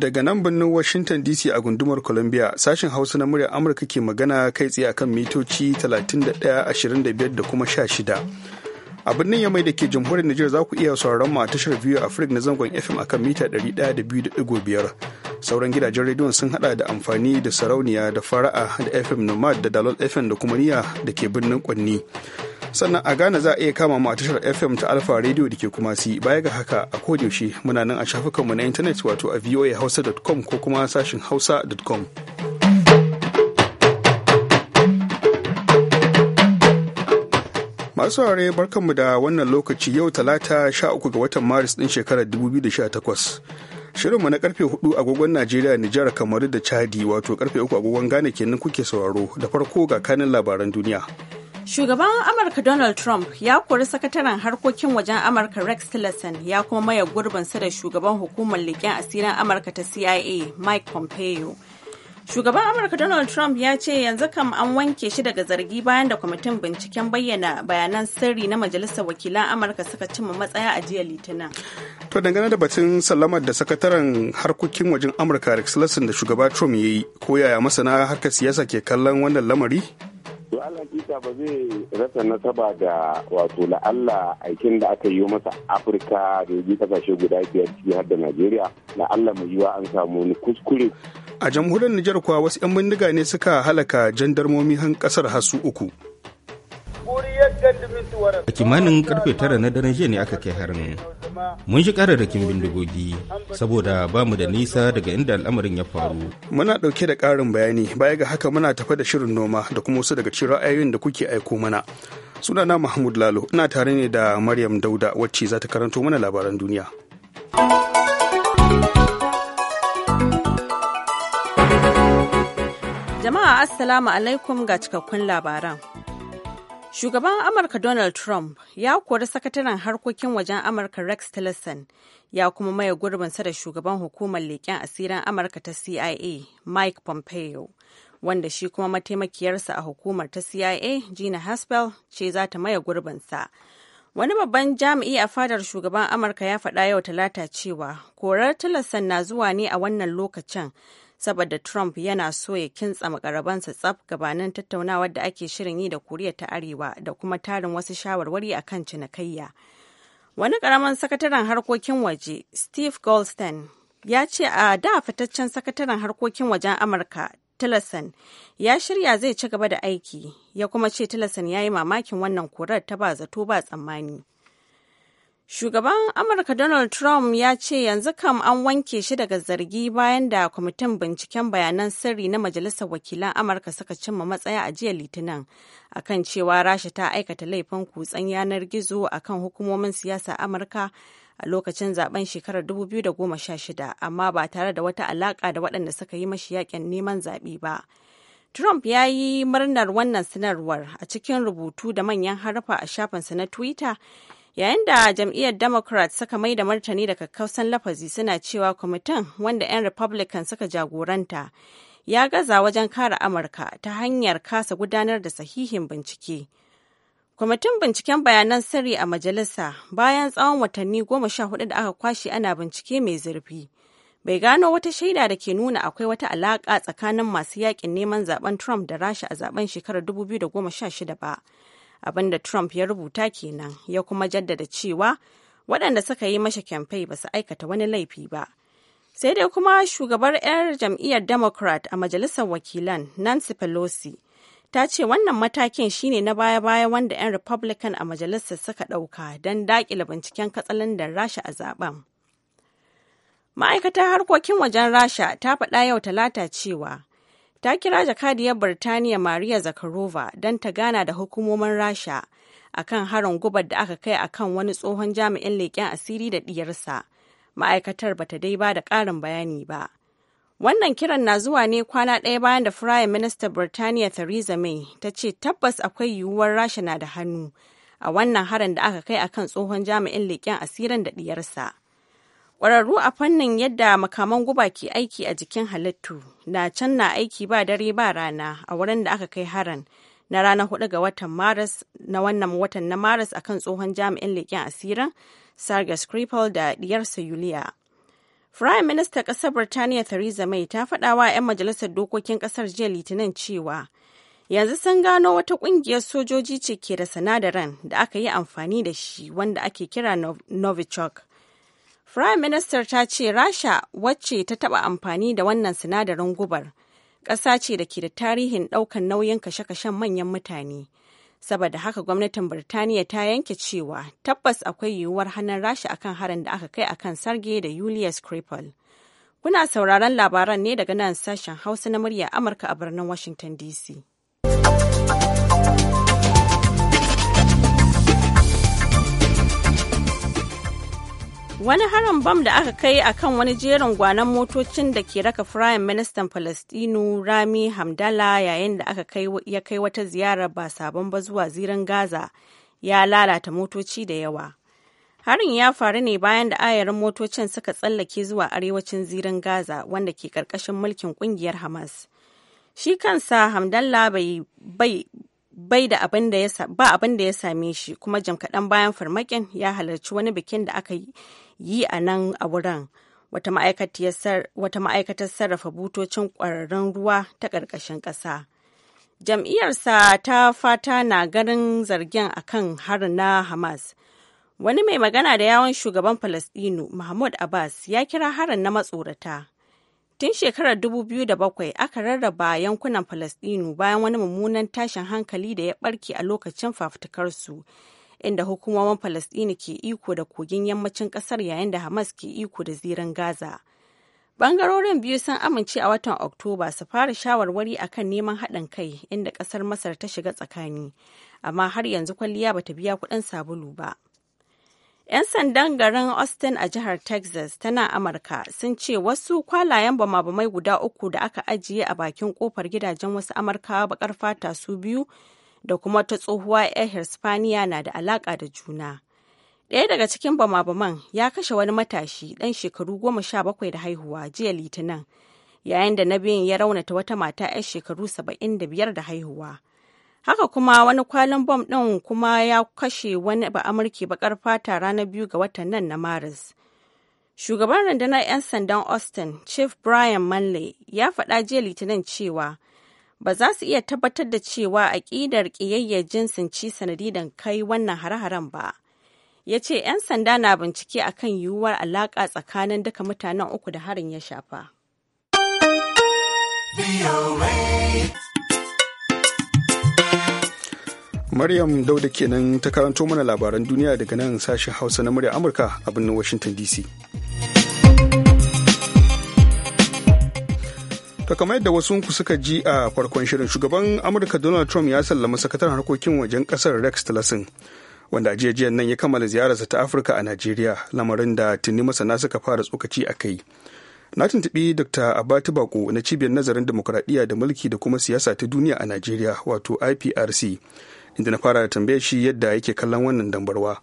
daga nan birnin Washington DC a gundumar Columbia sashen Hausa na muryar Amurka ke magana kai tsaye akan mitoci 31.25 da kuma 16. A birnin Yamai da ke jamhuriyar Nijar za ku iya sauraron mu a tashar biyu Afrik na zangon FM akan mita 102.5. Sauran gidajen rediyon sun hada da amfani da sarauniya da fara'a da FM Nomad da Dalol FM da kuma niya da ke birnin Kwanni. sannan a Ghana za a iya kama mu a tashar FM ta Alfa Radio da ke kuma si baya ga haka a yaushe muna nan a shafukanmu na intanet wato a voahausa.com ko kuma sashin hausa.com. masu ware barkanmu da wannan lokaci yau talata 13 ga watan maris din shekarar 2018 shirinmu na karfe 4 agogon najeriya nijar kamaru da chadi wato karfe 3 agogon ghana kenan kuke sauraro da farko ga kanin labaran duniya Shugaban Amurka Donald Trump ya kori sakataren harkokin wajen Amurka Rex Tillerson ya kuma maye gurbinsa da shugaban hukumar leƙen asirin Amurka ta CIA Mike Pompeo. Shugaban Amurka Donald Trump ya ce yanzu kam an wanke shi daga zargi bayan da kwamitin binciken bayyana bayanan sirri na Majalisar Wakilan Amurka suka cimma matsaya a jiya Litinin. To dangane da batun sallamar da sakataren harkokin wajen Amurka Rex Tillerson da shugaba Trump ya yi, ko yaya masana harkar siyasa ke kallon wannan lamari? to alhakika ba zai rasa nasaba da wato la'alla aikin da aka yi masa afirka da yi kasashe guda biyar ciki har da najeriya la'alla mai yiwa an samu wani kuskure a jamhuriyar nijar kuwa wasu 'yan bindiga ne suka halaka jandarmomi han kasar hasu uku a kimanin karfe tara na daren jiya ne aka kai harin mun shi kararrakin bindigogi saboda ba mu da nisa daga inda al'amarin ya faru muna dauke da karin bayani baya ga haka muna tafa da shirin noma da kuma wasu daga cikin ra'ayoyin da kuke aiko mana sunana mahmud lalo ina tare ne da maryam dauda wacce za ta karanto mana labaran duniya jama'a assalamu alaikum ga cikakkun labaran Shugaban Amurka Donald Trump ya kori sakataren harkokin wajen Amurka Rex Tillerson ya kuma maye gurbinsa da shugaban hukumar leƙen asirin Amurka ta CIA Mike Pompeo, wanda shi kuma mataimakiyarsa a hukumar ta CIA Gina Haspel ce za ta maye gurbinsa. Wani babban jami'i a fadar shugaban Amurka ya faɗa yau talata cewa korar Tillerson na zuwa ne a wannan lokacin saboda Trump yana so ya kintsa makarabansa tsaf gabanin tattaunawar da ake shirin yi da Koriya ta Arewa da kuma tarin wasu shawarwari a kan cinikayya. Wani karaman sakataren harkokin waje, Steve Goldstein, ya ce a da fitaccen sakataren harkokin wajen Amurka, Tillerson, ya shirya zai ci gaba da aiki, ya kuma ce Tillerson ya yi mamakin wannan korar ta ba zato ba tsammani. Shugaban Amurka Donald Trump ya ce yanzu kam an wanke shi daga zargi bayan da kwamitin binciken bayanan sirri na Majalisar Wakilan Amurka suka cimma matsaya a jiya Litinin akan cewa Rasha ta aikata laifin kutsen yanar gizo akan hukumomin siyasa Amurka a lokacin zaben shekarar 2016 amma ba tare da wata alaka da waɗanda suka yi mashi yaƙin neman zaɓe ba. Trump ya yi murnar wannan sanarwar a cikin rubutu da manyan harfa a shafinsa na Twitter. yayin da jam'iyyar democrat suka mai da martani da kakkausan lafazi suna cewa kwamitin wanda 'yan republican suka jagoranta ya gaza wajen kare amurka ta hanyar kasa gudanar da sahihin bincike kwamitin binciken bayanan sirri a majalisa bayan tsawon watanni goma sha hudu da aka kwashe ana bincike mai zurfi bai gano wata shaida da ke nuna akwai wata alaƙa tsakanin masu yakin neman zaben trump da rasha a zaben shekarar 2016 ba abinda trump ya rubuta kenan ya kuma jaddada cewa waɗanda suka yi masa kyamfai ba su aikata wani laifi ba sai dai kuma shugabar 'yar jam'iyyar democrat a majalisar wakilan nancy pelosi ta ce wannan matakin shine na baya-baya wanda 'yan republican a majalisar suka ɗauka don daƙila binciken katsalin da rasha a zaben ma'aikatar harkokin wajen rasha ta faɗa yau talata cewa ta kira jakadiyar Birtaniya Maria Zakharova don ta gana da hukumomin Rasha a kan harin gubar da aka kai a kan wani tsohon jami'in leƙen asiri da ɗiyarsa. Ma'aikatar ba ta dai ba da ƙarin bayani ba. Wannan kiran na zuwa ne kwana ɗaya bayan da Firayim Minista Birtaniya Theresa May ta ce tabbas akwai yiwuwar Rasha na da hannu a wannan harin da aka kai a kan tsohon jami'in leƙen asirin da ɗiyarsa. Ƙwararru a fannin yadda makaman guba ke aiki a jikin halittu na can na aiki ba dare ba rana a wurin da aka kai haran na ranar hudu ga watan Maris na wannan watan na Maris akan tsohon jami'in leƙen asirin Sergei Skripal da diyarsa Yulia. Firayim Minista ƙasar Birtaniya Theresa May ta faɗawa wa 'yan majalisar dokokin ƙasar jiya Litinin cewa yanzu sun gano wata ƙungiyar sojoji ce ke da sinadaran da aka yi amfani da shi wanda ake kira Novichok. Firayim Ministar ta ce Rasha wacce ta taɓa amfani da wannan sinadarin gubar ƙasa ce da ke da tarihin ɗaukan nauyin kashe-kashen manyan mutane. Saboda haka gwamnatin Birtaniya ta yanke cewa tabbas akwai yiwuwar hannun Rasha akan harin da aka kai akan Sarge da Julius Kripal. Kuna sauraron labaran ne daga nan sashen Hausa na murya Amurka a birnin Washington DC. Wani harin bam da aka kai a kan wani jerin gwanon motocin da ke raka Firayim Ministan Falastinu Rami Hamdala yayin da aka ya kai wata ziyara ba sabon ba zuwa zirin Gaza ya lalata motoci da yawa. Harin ya faru ne bayan da ayarin motocin suka tsallake zuwa arewacin zirin Gaza wanda ke ƙarƙashin mulkin ƙungiyar Hamas. Shi kansa Hamdallah bai bai da da ba abin da ya same shi kuma jim kaɗan bayan farmakin ya halarci wani bikin da aka yi yi a nan a wurin wata ma'aikatar sarrafa butocin ƙwararrun ruwa ta ƙarƙashin ƙasa. Jam'iyyarsa ta fata na ganin zargin a kan harin na Hamas. Wani mai magana da yawon shugaban Falasɗinu Mahmud Abbas ya kira harin na matsorata. Tun shekarar 2007 aka rarraba yankunan Falasɗinu bayan wani mummunan tashin hankali da ya ɓarke a lokacin fafutukarsu. inda hukumomin Falasɗini ke iko da kogin yammacin ƙasar yayin da Hamas ke iko da zirin Gaza. Bangarorin biyu sun amince a watan Oktoba su fara shawarwari a kan neman haɗin kai inda ƙasar Masar ta shiga tsakani, amma har yanzu kwalliya ba ta biya kuɗin sabulu ba. 'Yan sandan garin Austin a jihar Texas tana Amurka sun ce wasu kwalayen bama-bamai guda uku da aka ajiye a bakin kofar gidajen wasu Amurkawa bakar fata su biyu da kuma ta tsohuwa 'yar Hispaniya na da alaƙa da juna. Ɗaya daga cikin bama-baman ya kashe wani matashi ɗan shekaru goma sha bakwai da haihuwa jiya Litinin, yayin da na biyun ya raunata wata mata 'yar shekaru saba'in da biyar da haihuwa. Haka kuma wani kwalin bom ɗin kuma ya kashe wani ba'amurki baƙar fata ranar biyu ga watan nan na Maris. Shugaban rundunar 'yan sandan Austin, Chief Brian Manley, ya faɗa jiya Litinin cewa ba za su iya tabbatar da cewa aƙidar ƙiyayyar jinsin ci sanadidan kai wannan hare-haren ba. Ya ce 'yan sanda na bincike a kan yiwuwar alaƙa tsakanin duka mutanen uku da harin ya shafa. Maryam Dauda kenan ta karanto mana labaran duniya daga nan sashen Hausa na murya Amurka a birnin Washington DC. ka kama yadda wasu ku suka ji a farkon shirin shugaban Amurka Donald Trump ya sallama sakataren harkokin wajen kasar Rex Tillerson wanda ajiyajiyar nan ya kammala ziyararsa ta Afirka a Najeriya lamarin da tuni masana suka fara tsokaci a kai. Na tuntuɓi Dr. Abati Bako na cibiyar nazarin demokuraɗiyya da mulki da kuma siyasa ta duniya a Najeriya wato IPRC inda na fara da tambayar shi yadda yake kallon wannan dambarwa.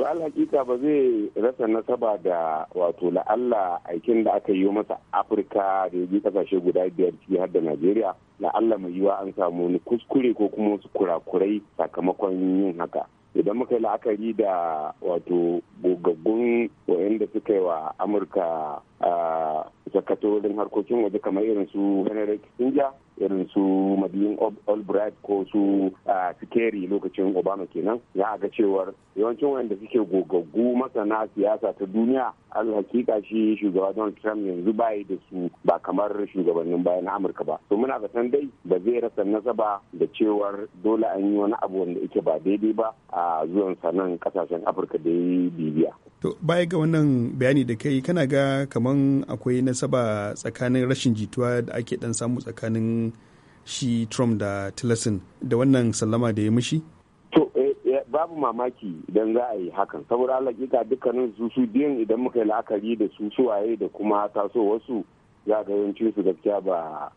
to alhakika ba zai rasa nasaba da wato la'alla aikin da aka yi masa afirka da ya je kasashe guda biyar ciki har da najeriya la'alla mai yiwa an samu wani kuskure ko kuma wasu kurakurai sakamakon yin haka idan muka yi la'akari da wato gogaggun wayanda suka yi wa amurka a ah, sakatorin harkokin waje kamar irin su henry kissinger irin su madin albright ko su sikeri lokacin obama kenan za ga cewar yawancin wanda suke gogaggu masana siyasa ta duniya alhakika shi shugaba donald trump yanzu bayi da su ba kamar shugabannin baya na amurka ba to muna zaton dai ba zai rasa nasaba da cewar dole an yi wani abu wanda yake ba daidai ba a zuwan sanan kasashen afirka da bibiya To baya ga wannan bayani da kai kana ga kaman akwai nasaba tsakanin rashin jituwa da ake dan samu tsakanin shi Trump da Tillerson da wannan sallama da ya mishi? To eh, eh, babu mamaki idan za a yi hakan saboda alaƙiƙa dukkanin su su biyan idan muka yi la'akari da su su waye da kuma tasowarsu za ga yawancin su gaskiya ba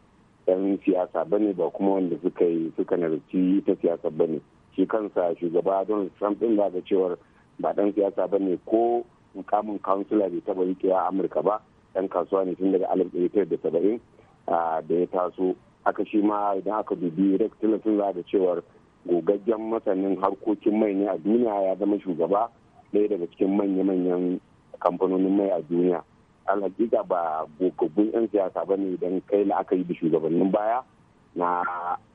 yan siyasa bane ba kuma wanda suka yi suka narci ita siyasa bane shi kansa shugaba Donald Trump ɗin ga cewar ba dan siyasa ba ne ko mukamin kansula bai taba yi a amurka ba dan kasuwa ne tun daga alif ɗaya da saba'in da ya taso aka shi ma idan aka dubi rex tillerson za da cewar gogaggen masanin harkokin mai ne a duniya ya zama shugaba ɗaya daga cikin manya-manyan kamfanonin mai a duniya alhakika ba gogaggun 'yan siyasa ba ne kai la'akari da shugabannin baya na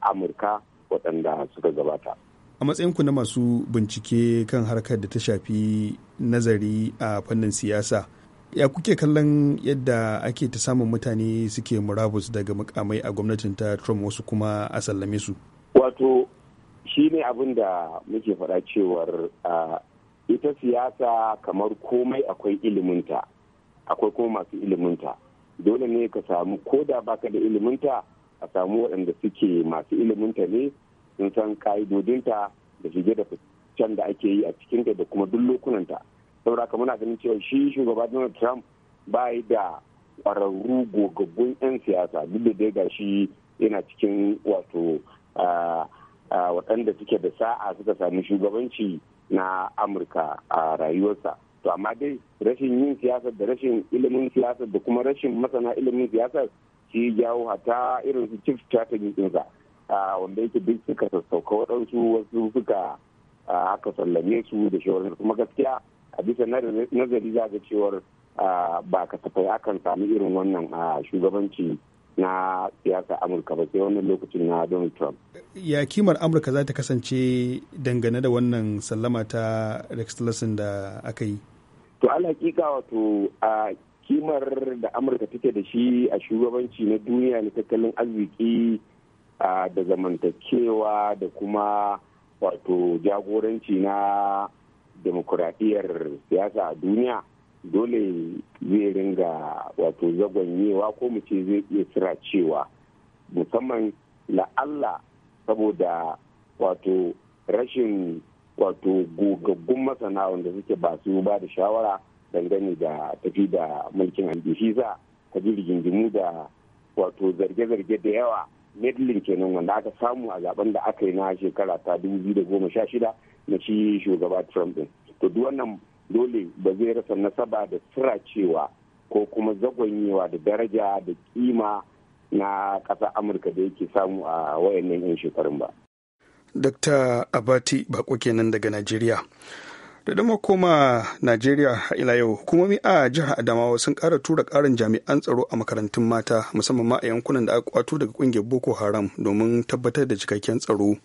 amurka waɗanda suka gabata. a matsayinku na masu bincike kan harkar da ta shafi nazari a fannin siyasa ya kuke kallon yadda ake ta samun mutane suke murabus daga mukamai a gwamnatin ta trump wasu kuma a sallame su wato shi ne abin da muke faɗa cewar ita siyasa kamar komai akwai iliminta akwai kuma masu iliminta dole ne ka samu ko da baka da iliminta a samu waɗanda suke masu iliminta ne sun san ka'idodinta da shige da ficen da ake yi a cikinta da kuma duk lokunanta saboda haka muna ganin cewa shi shugaba donald trump ba yi da kwararru gogaggun 'yan siyasa duk da dai gashi yana cikin wato waɗanda suke da sa'a suka sami shugabanci na amurka a rayuwarsa to amma dai rashin yin siyasar da rashin ilimin siyasar da kuma rashin masana ilimin siyasar shi jawo hata irin su chief strategist ɗinsa wanda yake duk suka sassauka waɗansu wasu suka haka sallame su da shawarar kuma gaskiya a bisa nazari za ga cewar ba ka kasafai akan sami irin wannan shugabanci na siyasa amurka ba sai wannan lokacin na donald trump ya kimar amurka za ta kasance dangane da wannan sallama ta rex tillerson da aka yi to alaƙiƙa wato a kimar da amurka take da shi a shugabanci na duniya na tattalin arziki da zamantakewa da kuma wato jagoranci na demokuraɗiyyar siyasa a duniya dole zai ringa wato zagonyewa ko mu ce zai iya kira cewa musamman la'alla saboda wato rashin wato gogaggun masana wanda suke ba su ba da shawara dangane da tafi da mulkin shi za ka ji rigingimu da wato zarge-zarge da yawa medlin kenan wanda aka samu a zaben da aka yi na shekara ta 2016 na shi shugaba trump din to duk wannan dole ba zai rasa nasaba da sira cewa ko kuma zagonyewa da daraja da kima na ƙasa amurka da yake samu a wayannan 'yan shekarun ba. Dr. Abati Bako kenan daga Najeriya. da dama koma najeriya ila yau hukumomi a jihar adamawa sun kara tura karin jami'an tsaro a makarantun mata musamman ma a yankunan da aka kwato daga kungiyar boko haram domin tabbatar da cikakken tsaro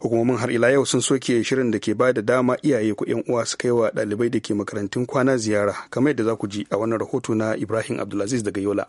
hukumomin har ila yau sun soke shirin da ke bada dama iyaye ko yan uwa su kai wa ɗalibai da ke makarantun kwana ziyara kamar yadda za ku ji a wannan rahoto na ibrahim abdulaziz daga yola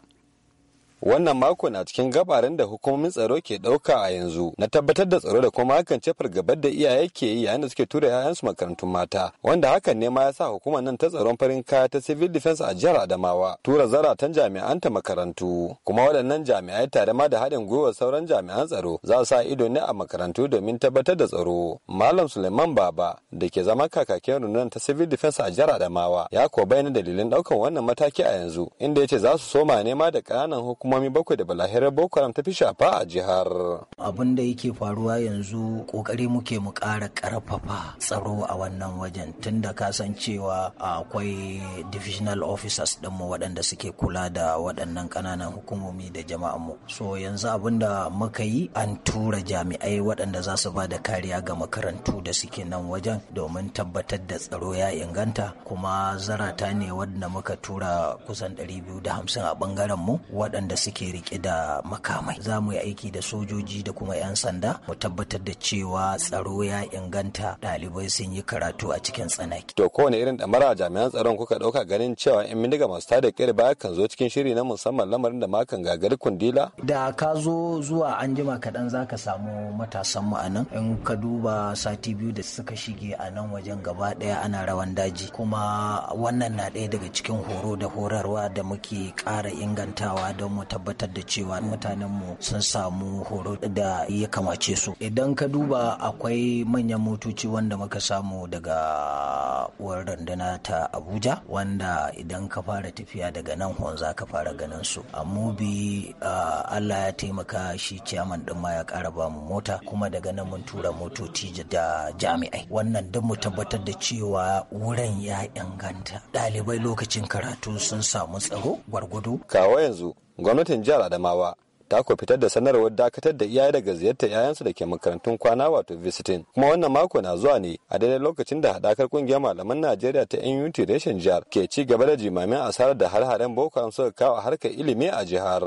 wannan mako na cikin gabarin da hukumomin tsaro ke ɗauka a yanzu na tabbatar da tsaro da kuma hakan ce fargabar da iyaye ke yi yayin da suke tura 'ya'yansu makarantun mata wanda hakan ne ma ya sa hukumar nan ta tsaron farin kaya ta civil defense a jihar adamawa tura zaratan jami'an ta makarantu kuma waɗannan jami'ai tare ma da haɗin gwiwar sauran jami'an tsaro za su sa ido ne a makarantu domin tabbatar da tsaro malam suleiman baba da ke zama kakakin rundunar ta civil defense a jihar adamawa ya ko bayyana dalilin ɗaukan wannan mataki a yanzu inda ya ce za su soma nema da ƙananan hukumomi hukumomi bakwai da balahirar boko haram ta fi shafa a jihar abin da yake faruwa yanzu kokari muke mu ƙara ƙarfafa tsaro a wannan wajen tunda ka san cewa akwai divisional officers dinmu waɗanda suke kula da waɗannan ƙananan hukumomi da jama'a mu. so yanzu abin da muka yi an tura jami'ai waɗanda za su ba da kariya ga makarantu da suke nan wajen domin tabbatar da tsaro ya inganta kuma zarata ne wadda muka tura kusan 250 a bangaren mu waɗanda da suke rike da makamai za mu yi aiki da sojoji da kuma 'yan sanda mu tabbatar da cewa tsaro ya inganta ɗalibai sun yi karatu a cikin tsanaki. To kowane irin ɗamara jami'an tsaron kuka ɗauka ganin cewa in bindiga masu tada ƙiri baya kan zo cikin shiri na musamman lamarin da makan gagari kundila? Da ka zo zuwa an jima kaɗan za ka samu matasan mu a nan in ka duba sati biyu da suka shige a nan wajen gaba ɗaya ana rawan daji kuma wannan na ɗaya daga cikin horo da horarwa da muke ƙara ingantawa don mu mu tabbatar da cewa mutanenmu sun samu horo da ya kamace su idan ka duba akwai manyan motoci wanda muka samu daga uwar randana ta abuja wanda idan ka fara tafiya daga nan hon za ka fara ganin su a mubi allah ya taimaka shi ciyaman din ma ya kara ba mu mota kuma daga nan mun tura motoci da jami'ai wannan duk mu tabbatar da cewa wurin ya inganta ɗalibai lokacin karatu sun samu tsaro gwargwado kawo yanzu gwamnatin jihar adamawa ta ko fitar da sanarwar dakatar da iyaye daga ziyartar 'ya'yansu da ke makarantun kwana wato visitin. kuma wannan mako na zuwa ne a daidai lokacin da hadakar ƙungiyar malaman najeriya ta nut reshen jihar ke ci gaba da jimamin asarar da har-haren boko haram suka kawo harkar ilimi a jihar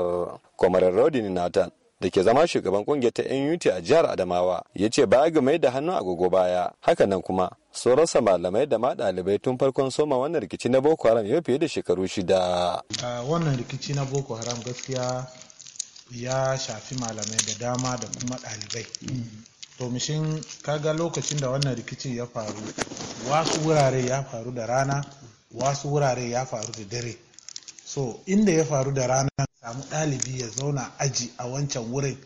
kwamarin rodin nathan da ke zama shugaban kungiyar ta NUT a jihar Adamawa ya ce baya ga mai da hannu agogo baya hakanan kuma sun malamai da ma ɗalibai tun farkon soma wannan rikici na Boko Haram yau fiye da shekaru shida. Wannan rikici na Boko Haram gaskiya ya shafi malamai da dama da kuma ɗalibai. ka kaga lokacin da wannan rikicin ya faru wasu wurare ya faru da rana wasu wurare ya faru da dare so inda ya faru da rana samu ɗalibi ya zauna aji a wancan wurin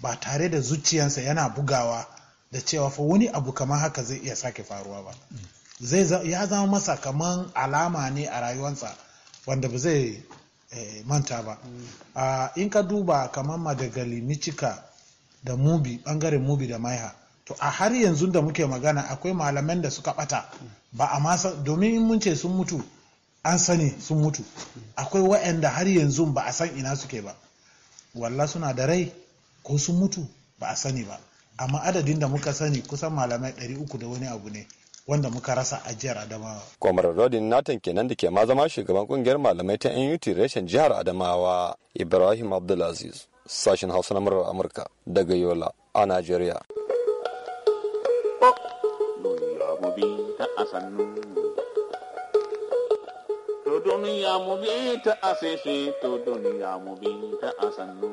ba tare da zuciyansa yana bugawa da cewa fa wani abu kamar haka zai iya sake faruwa ba zai ya zama masa kamar alama ne a rayuwansa wanda ba zai eh, manta ba in ka duba kamar madagali micika da mubi bangaren mubi da maiha to a har yanzu da muke magana akwai malaman da suka bata ba a masa domin in mun ce sun mutu an sani sun mutu akwai waɗanda har yanzu ba a san ina suke ba walla suna da rai ko sun mutu ba a sani ba amma adadin da muka sani kusan malamai 300 da wani abu ne wanda muka rasa ajiyar adamawa. kwamar rodin natan kenan da ke ma zama shugaban kungiyar malamai ta nut reshen jihar adamawa ibrahim abdulaziz sashen hausa na murar amurka daga yola a nigeria. Oh. duniya mu bi ta asese to duniya mu bi ta asannu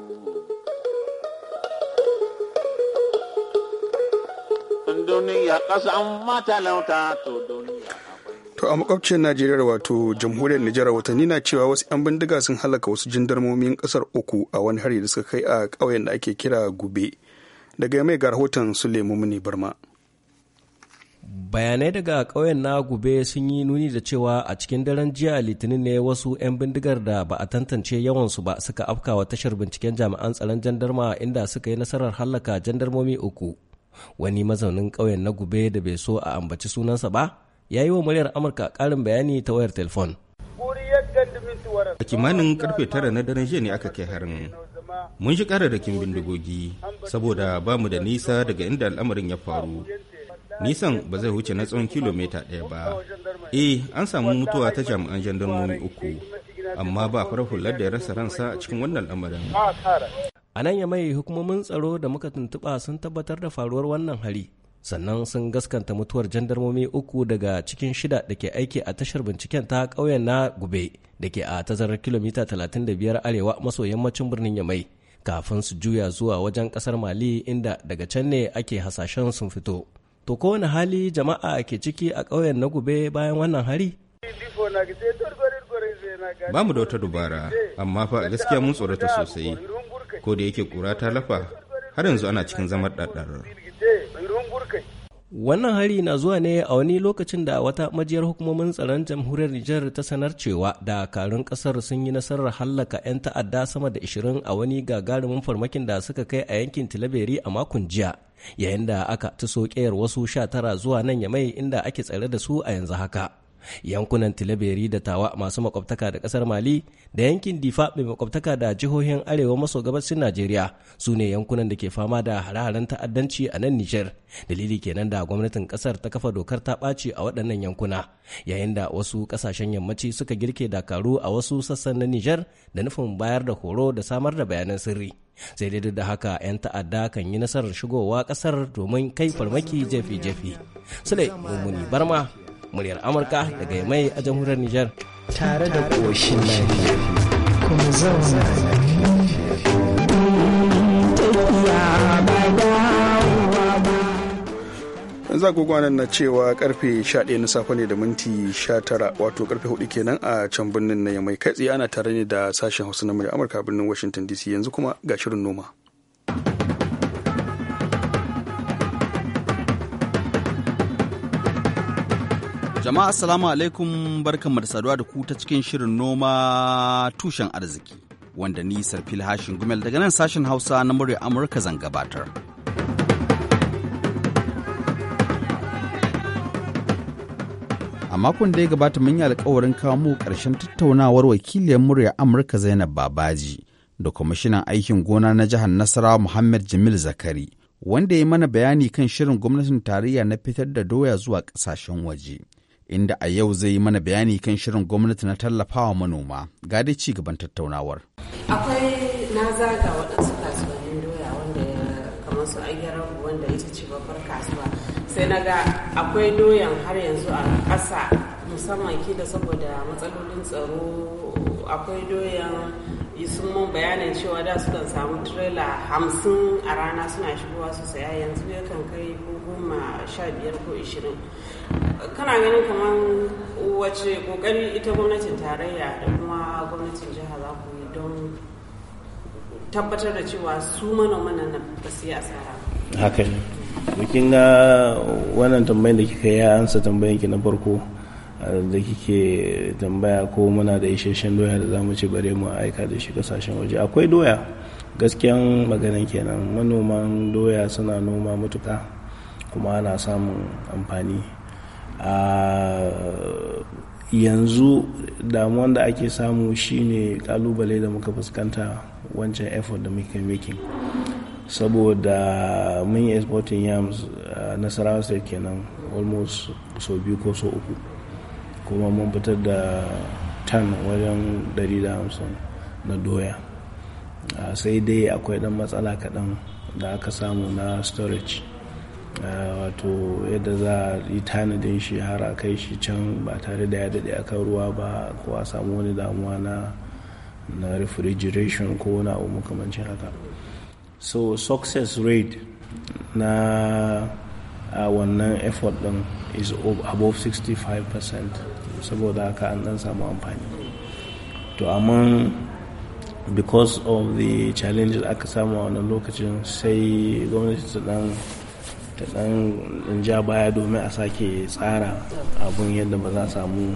duniya kasan matalauta to duniya To a makwabciyar Najeriya wato jamhuriyar Nijar watanni na cewa wasu 'yan bindiga sun halaka wasu jindarmomin kasar uku a wani hari da suka kai a ƙauyen da ake kira Gube. Daga mai ga rahoton Suleimu Muni Barma. bayanai daga ƙauyen na gube sun yi nuni da cewa a cikin daren jiya litinin ne wasu 'yan bindigar da ba a tantance yawansu ba suka afkawa tashar binciken jami'an tsaron jandarma inda suka yi nasarar hallaka jandarmomi uku wani mazaunin ƙauyen na gube da bai so a ambaci sunansa ba ya yi wa muryar amurka ƙarin bayani ta wayar telefon a kimanin karfe tara na daren jiya ne aka kai harin mun shi kararrakin bindigogi saboda bamu da nisa daga inda al'amarin ya faru nisan ba zai wuce na tsawon kilomita daya ba eh an samu mutuwa ta jami'an jandarmomi uku amma ba farar hular da ya rasa ransa a cikin wannan lamarin a nan ya mai hukumomin tsaro da muka tuntuɓa sun tabbatar da faruwar wannan hari sannan sun gaskanta mutuwar jandarmomi uku daga cikin shida da ke aiki a tashar binciken ta ƙauyen na gube da ke a tazarar kilomita 35 arewa maso yammacin birnin yamai kafin su juya zuwa wajen ƙasar mali inda daga can ne ake hasashen sun fito To kowane hali jama'a ke ciki a ƙauyen na gube bayan wannan hari? Ba mu da wata dubara, amma fa gaskiya mun tsorata sosai. Ko da yake kura ta lafa, har yanzu ana cikin zamar ɗaɗɗar. Wannan hari na zuwa ne a wani lokacin da wata majiyar hukumomin tsaron jamhuriyar Nijar ta sanar cewa dakarun kasar sun yi nasarar hallaka 'yan ta'adda sama da 20 a wani gagarumin farmakin da suka kai a yankin Tilaberi a makon jiya. yayin da aka ta sokeyar wasu sha tara zuwa nan ya mai inda ake tsare da su a yanzu haka yankunan tileberi da tawa masu makwabtaka da kasar mali da yankin difa mai makwabtaka da jihohin arewa maso gabashin najeriya su ne yankunan da ke fama da hare-haren ta'addanci a nan nijar dalili kenan da gwamnatin kasar ta kafa dokar ta ɓaci a waɗannan yankuna yayin da wasu ƙasashen yammaci suka girke dakaru a wasu sassan na nijar da nufin bayar da horo da samar da bayanan sirri sai dai duk da haka 'yan ta'adda kan yi nasarar shigowa ƙasar domin kai farmaki jefi-jefi sule mummuni barma muryar amurka daga mai a jamhuriyar niger tare da ƙoshin lafiya kuma zauna yanzu agogo nan na cewa karfe 11 na safe ne da minti 19 wato karfe 4 kenan a can birnin na mai katse ana tare ne da sashen hausa na murya amurka birnin washington dc yanzu kuma ga shirin noma Jama'a assalamu alaikum mu da saduwa da ku ta cikin shirin noma tushen arziki wanda ni Sarfil Hashin Gumel daga nan sashen Hausa na murya Amurka zan gabatar. A makon da ya gabata mun yi alkawarin kawo mu ƙarshen tattaunawar wakiliyar murya Amurka Zainab Babaji da kwamishinan aikin gona na jihar Nasarawa Muhammad Jamil Zakari wanda ya mana bayani kan shirin gwamnatin tarayya na fitar da doya zuwa ƙasashen waje. inda a yau zai yi mana bayani kan shirin gwamnati na tallafawa manoma ga dai ci gaban tattaunawar. Akwai na zaga waɗansu kasuwannin doya wanda kamar su ayyarabu wanda ita ci babbar kasuwa sai na ga akwai doyan har yanzu a ƙasa musamman ke da saboda matsalolin tsaro akwai doyan yi sun mun bayanin cewa da sukan samu tirela hamsin a rana suna shigowa su saya yanzu ya kan kai ko goma sha biyar ko ishirin kana ganin kamar wace kokari ita gwamnatin tarayya da kuma gwamnatin jiha za ku yi don tabbatar da cewa su manoman nan ba su yi asara haka ne kin ga wannan tambayin da kika yi ansa tambayin ki na farko da kike tambaya ko muna da isasshen doya da za mu ci bare mu aika da shi kasashen waje akwai doya gaskiyan maganin kenan manoman doya suna noma matuka kuma ana samun amfani a yanzu damuwan da ake samu shine kalubale da muka fuskanta wancan effort da muke making saboda mun yi exporting yams nasarawa state kenan almost sau biyu ko sau uku kuma mun fitar da tan wajen 150 na doya sai dai akwai dan matsala kaɗan da aka samu na storage wato yadda za a yi tanadin shi har a kai shi can ba tare da ya daɗe akan ruwa ba ko a samu wani damuwa na na refrigeration ko wani abu makamancin haka so success rate na a wannan effort din is above 65% saboda haka an dan samu amfani to amma because of the challenges aka samu a wannan lokacin sai gwamnati ta dan ta dan ja baya domin a sake tsara abun yadda ba za a samu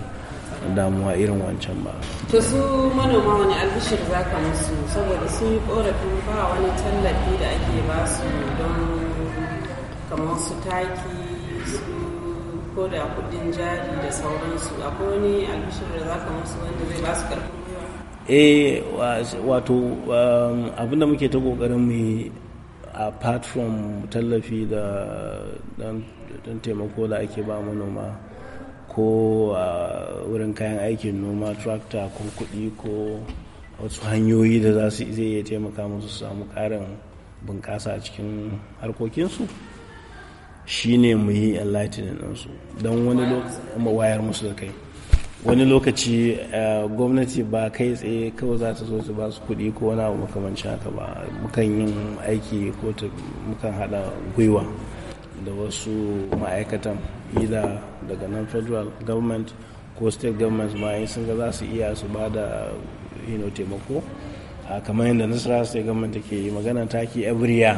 damuwa irin wancan ba. To su manoma wani albishir za ka musu saboda sun yi korafin ba wani tallafi da ake ba su don kamar su taki su ko da kudin jari da sauransu akwai wani albishir da za ka musu wanda zai ba su karfin gwiwa eh wato um, abin da muke ta kokarin mu apart from tallafi da dan taimako da ake ba manoma ko a wurin kayan aikin noma tractor ko kuɗi ko wasu hanyoyi da za su zai iya taimaka musu su samu ƙarin bunƙasa a cikin harkokinsu shine mu yi enlightening ɗinsu don wani wayar musu da kai wani lokaci eh, gwamnati ba kai tsaye kawai za ta zo su ba su kuɗi ko wani abu makamancin haka ba mukan yin aiki ko ta mukan haɗa gwiwa da wasu ma'aikatan ila daga nan federal government ko state government ma in sun ga za su iya su ba da taimako ah, kamar yadda nasarar state government take yi magana taki every year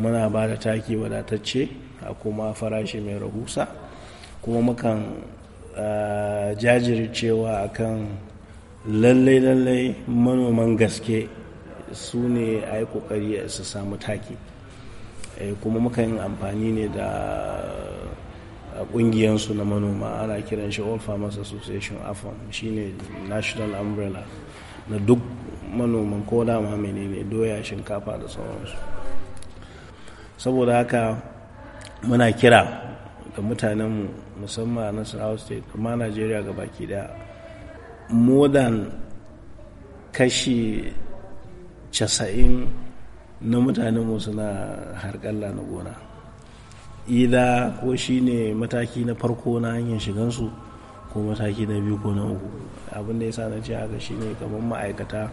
muna ba da taki wadatacce a kuma farashi mai rahusa kuma mukan jajircewa a kan lallai lallai manoman gaske su ne a yi kokari su samu taki eh, kuma mukan yin amfani ne da kungiyansu na manoma ana kiran shi all farmers association afon shine national umbrella na duk manoman ko dama menene doya shinkafa da sauransu saboda haka muna kira ga mutanenmu musamman a nasarawa state kuma najeriya ga baki daya more than kashi casa'in na mutanenmu suna harƙalla na gona Ila ko shi ne mataki na farko na hanyar shigansu ko mataki na biyu ko na uku abin da ya sa na ce haka shine kamar ma'aikata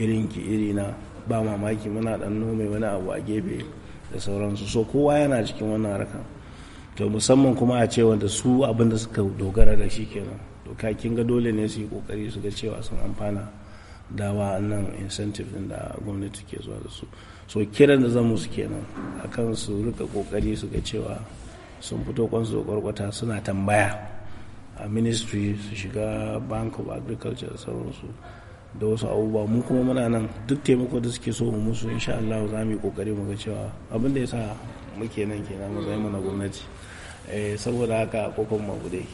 irin ki irina ba mamaki muna ɗan nome wani abu a gefe da sauransu so kowa yana cikin wannan harka to musamman kuma a cewa da su abin da suka dogara da shi kenan to kin ga dole ne su yi kokari su ga cewa sun amfana da nan incentive din da gwamnati ke zuwa da su so kiran da zamu su kenan akan su rika kokari su ga cewa sun fito kwansu kwarkwata suna tambaya a ministry su shiga bank of agriculture da sauransu da wasu abubuwa mu kuma muna nan duk taimako da suke so mu musu insha Allah za mu yi kokari mu ga cewa abin da yasa muke nan kenan mu zai na gwamnati eh, saboda haka kokon mu bude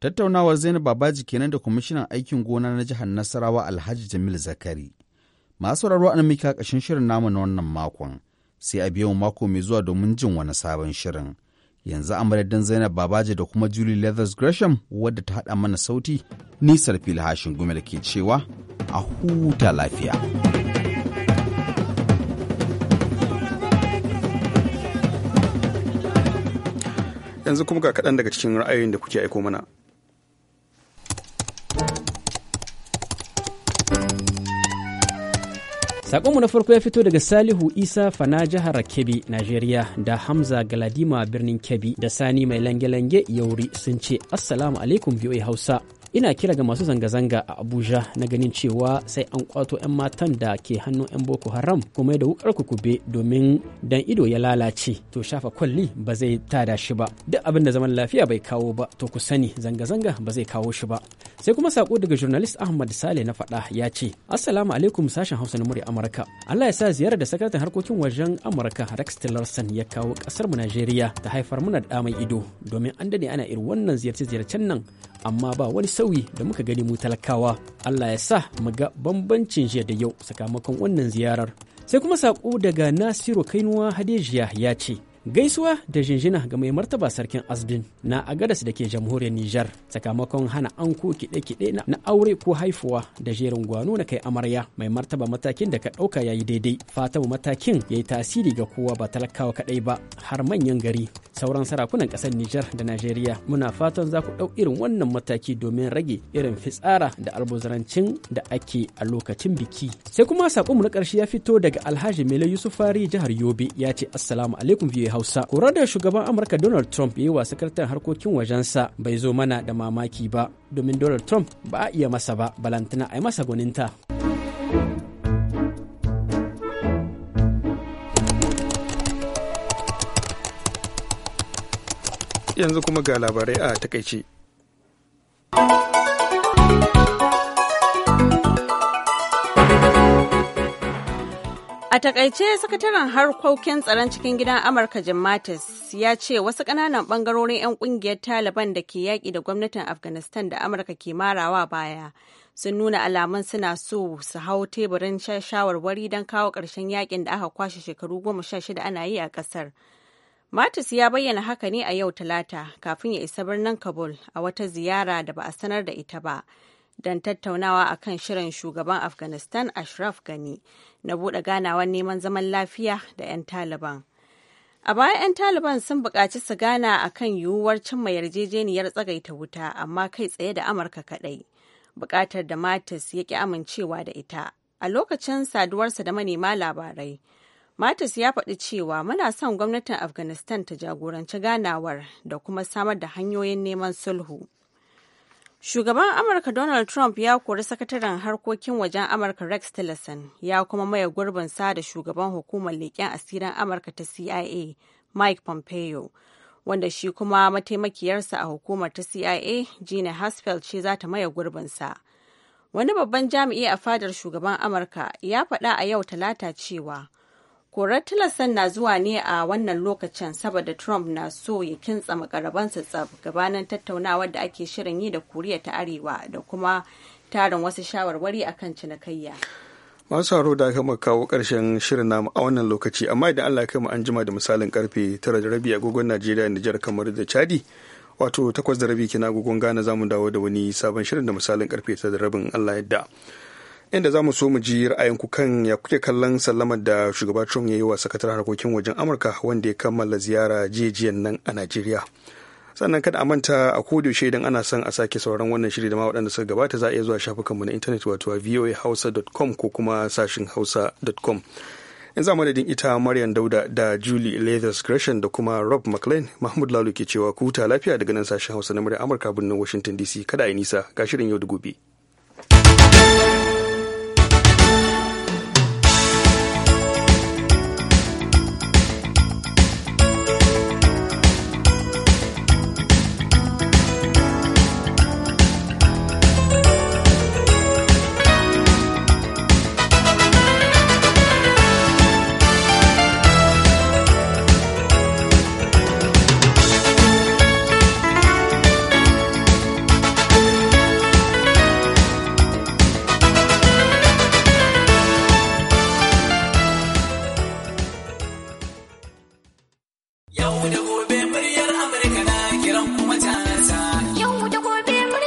Tattaunawar Zainab Babaji kenan da kwamishinan aikin gona na jihar Nasarawa Alhaji Jamil Zakari. Masu sauraro an mika ƙashin shirin namu na wannan makon. Sai a biyan mako mai zuwa domin jin wani sabon shirin. yanzu a madadin zainab babaji da kuma julie leathers gresham wadda ta haɗa mana sauti nisar filhashin gumel ke cewa a huta lafiya yanzu kuma ga kaɗan daga cikin ra'ayoyin da kuke aiko mana Sakonmu na farko ya fito daga Salihu Isa Fana jihar Kebbi, Najeriya da Hamza Galadima birnin Kebbi da Sani mai lange-lange yauri sun ce Assalamu alaikum VOA Hausa. ina kira ga masu zanga-zanga a abuja na ganin cewa sai an kwato 'yan matan da ke hannun 'yan boko haram kuma da wukar kube domin dan ido ya lalace to shafa kwalli ba zai tada shi ba duk abin da zaman lafiya bai kawo ba to ku sani zanga-zanga ba zai kawo shi ba sai kuma sako daga journalist ahmad sale na fada ya ce assalamu alaikum sashen hausa na murya amurka allah ya sa ziyarar da sakataren harkokin wajen amurka rex tillerson ya kawo kasar mu najeriya ta haifar mana da damar ido domin an dade ana irin wannan ziyarce-ziyarcen nan amma ba wani sau sauyi da muka gani mu talakawa allah ya sa mu ga bambancin jiya da yau sakamakon wannan ziyarar sai kuma saƙo daga nasiru kainuwa hadejiya ya ce gaisuwa da jinjina ga mai martaba sarkin asbin na agadas da ke jamhuriyar nijar sakamakon hana anko kiɗe-kiɗe na aure ko haifuwa da jerin gwano na kai amarya mai martaba matakin da ka ɗauka yayi daidai fatan matakin ya yi tasiri ga kowa ba talakawa kadai ba har manyan gari sauran sarakunan ƙasar nijar da najeriya muna fatan za ku ɗau irin wannan mataki domin rage irin fitsara da albuzarancin da ake a lokacin biki sai kuma saƙonmu na ƙarshe ya fito daga alhaji mele fari jihar yobe ya ce assalamu alaikum biyu hausa horar da shugaban amurka donald trump ya yi wa sakataren harkokin wajensa bai zo mana da mamaki ba domin donald trump ba a iya masa ba balantana a yi masa gwaninta yanzu kuma ga labarai a takaice A takaice sakataren harkokin tsaron cikin gidan Amurka Jim Mattis ya ce wasu kananan bangarorin 'yan kungiyar Taliban da ke yaƙi da gwamnatin Afghanistan da Amurka ke marawa baya sun nuna alamun suna so su hau teburin shawarwari don kawo ƙarshen yakin da aka kwashe shekaru goma sha shida ana yi a ƙasar. Mattis ya bayyana haka ne a yau Talata kafin ya isa birnin Kabul a wata ziyara da ba a sanar da ita ba don tattaunawa akan shirin shugaban Afghanistan Ashraf Gani. na buɗe ganawar neman zaman lafiya da 'yan Taliban. A baya 'yan Taliban sun buƙaci su gana a kan yiwuwar cimma yarjejeniyar tsagaita wuta amma kai tsaye da Amurka kaɗai. Buƙatar da Matis ya ƙi amincewa da ita. A lokacin saduwarsa da manema labarai, Matis ya faɗi cewa muna son gwamnatin Afghanistan ta jagoranci ganawar da kuma samar da hanyoyin neman sulhu. Shugaban Amurka Donald Trump ya kori sakataren harkokin wajen Amurka Rex Tillerson ya kuma maye gurbin sa da shugaban hukumar leƙen asirin Amurka ta CIA Mike Pompeo, wanda shi kuma mataimakiyarsa a hukumar ta CIA Gina Haspel ce za ta maye gurbinsa. Wani babban jami'i a fadar shugaban Amurka ya faɗa a yau talata cewa Korar tilasan na zuwa ne a wannan lokacin saboda Trump na so ya kintsa makarabansa tsab gabanin tattaunawar da ake shirin yi da Koriya ta Arewa da kuma tarin wasu shawarwari a kan cinikayya. masu haro da aka kawo karshen shirin namu a wannan lokaci amma idan Allah ya mu an jima da misalin karfe tara da rabi agogon Najeriya da jihar Kamaru da Chadi wato takwas da rabi kina agogon Ghana zamu dawo da wani sabon shirin da misalin karfe tara da rabin Allah yadda. inda za mu so mu ji ra'ayinku kan ya kuke kallon sallamar da shugaba Trump ya yi wa sakatar harkokin wajen Amurka wanda ya kammala ziyara jiya nan a Najeriya. Sannan kada a manta a kodiyaushe idan ana son a sake sauran wannan shiri da ma waɗanda suka gabata za a iya zuwa shafukanmu na intanet wato a voahausa.com ko kuma sashin hausa.com. in za madadin ita Maryam Dauda da Julie Leathers Gresham da kuma Rob McLean Mahmud Lalu ke cewa ku lafiya daga nan sashen Hausa na murya Amurka birnin Washington DC kada a yi nisa ga shirin yau da gobe.